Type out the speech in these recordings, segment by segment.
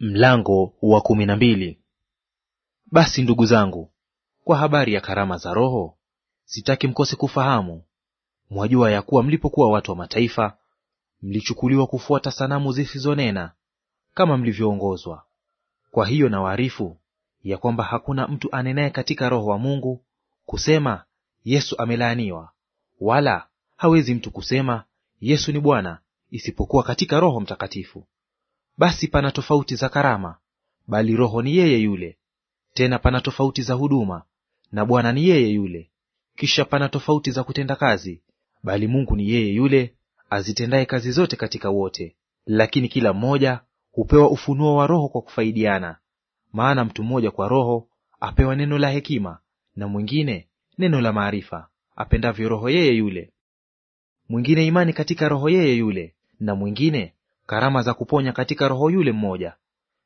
Mlango wa kumi na mbili. Basi ndugu zangu, kwa habari ya karama za Roho, sitaki mkose kufahamu. Mwajua ya kuwa mlipokuwa watu wa mataifa, mlichukuliwa kufuata sanamu zisizonena, kama mlivyoongozwa. Kwa hiyo na warifu ya kwamba hakuna mtu anenaye katika Roho wa Mungu kusema Yesu amelaaniwa, wala hawezi mtu kusema Yesu ni Bwana isipokuwa katika Roho Mtakatifu basi pana tofauti za karama, bali Roho ni yeye yule; tena pana tofauti za huduma, na Bwana ni yeye yule; kisha pana tofauti za kutenda kazi, bali Mungu ni yeye yule azitendaye kazi zote katika wote. Lakini kila mmoja hupewa ufunuo wa Roho kwa kufaidiana. Maana mtu mmoja kwa Roho apewa neno la hekima, na mwingine neno la maarifa, apendavyo Roho yeye yule; mwingine imani katika Roho yeye yule, na mwingine karama za kuponya katika roho yule mmoja,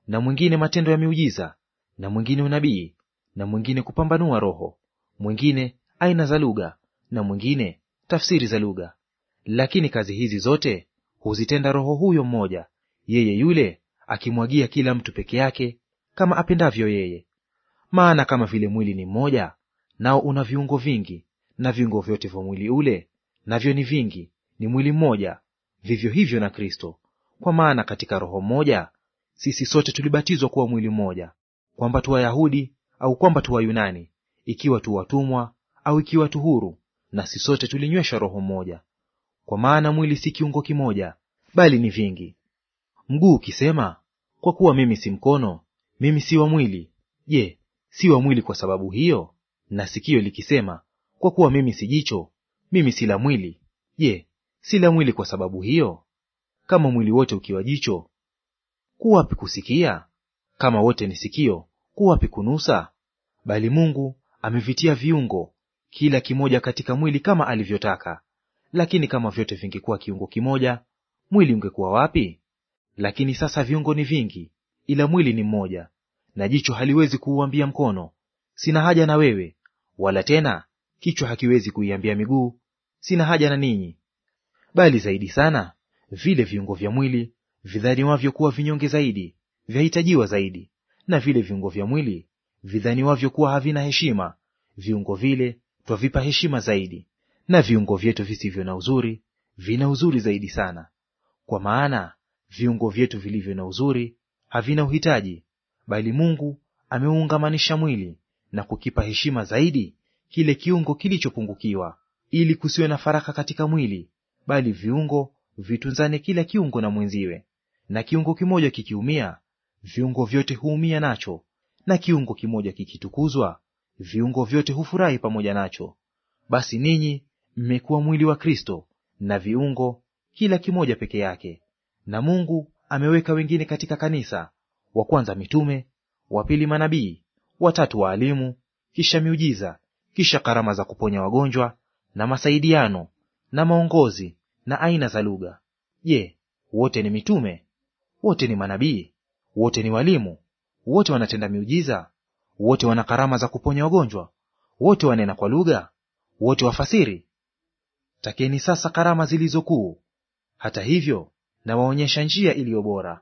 na mwingine matendo ya miujiza, na mwingine unabii, na mwingine kupambanua roho, mwingine aina za lugha, na mwingine tafsiri za lugha. Lakini kazi hizi zote huzitenda Roho huyo mmoja, yeye yule akimwagia kila mtu peke yake kama apendavyo yeye. Maana kama vile mwili ni mmoja, nao una viungo vingi, na viungo vyote vya mwili ule navyo ni vingi, ni mwili mmoja, vivyo hivyo na Kristo. Kwa maana katika roho moja sisi sote tulibatizwa kuwa mwili mmoja, kwamba tu Wayahudi au kwamba tu Wayunani, ikiwa tu watumwa au ikiwa tu huru, nasi sote tulinywesha roho mmoja. Kwa maana mwili si kiungo kimoja, bali ni vingi. Mguu ukisema, kwa kuwa mimi si mkono, mimi si wa mwili, je, si wa mwili kwa sababu hiyo? Na sikio likisema, kwa kuwa mimi si jicho, mimi si la mwili, je, si la mwili kwa sababu hiyo? kama mwili wote ukiwa jicho, kuwapi kusikia? Kama wote ni sikio, kuwapi kunusa? Bali Mungu amevitia viungo kila kimoja katika mwili kama alivyotaka. Lakini kama vyote vingekuwa kiungo kimoja, mwili ungekuwa wapi? Lakini sasa viungo ni vingi, ila mwili ni mmoja. Na jicho haliwezi kuuambia mkono, sina haja na wewe, wala tena kichwa hakiwezi kuiambia miguu, sina haja na ninyi. Bali zaidi sana vile viungo vya mwili vidhaniwavyo kuwa vinyonge zaidi vyahitajiwa zaidi, na vile viungo vya mwili vidhaniwavyo kuwa havina heshima, viungo vile twavipa heshima zaidi, na viungo vyetu visivyo na uzuri vina uzuri zaidi sana. Kwa maana viungo vyetu vilivyo na uzuri havina uhitaji, bali Mungu ameuungamanisha mwili na kukipa heshima zaidi kile kiungo kilichopungukiwa, ili kusiwe na faraka katika mwili, bali viungo vitunzane kila kiungo na mwenziwe. Na kiungo kimoja kikiumia, viungo vyote huumia nacho, na kiungo kimoja kikitukuzwa, viungo vyote hufurahi pamoja nacho. Basi ninyi mmekuwa mwili wa Kristo na viungo, kila kimoja peke yake. Na Mungu ameweka wengine katika kanisa, wa kwanza mitume, wa pili manabii, wa tatu waalimu, kisha miujiza, kisha karama za kuponya wagonjwa na masaidiano na maongozi na aina za lugha. Je, wote ni mitume? Wote ni manabii? Wote ni walimu? Wote wanatenda miujiza? Wote wana karama za kuponya wagonjwa? Wote wanena kwa lugha? Wote wafasiri? Takeni sasa karama zilizokuu Hata hivyo nawaonyesha njia iliyo bora.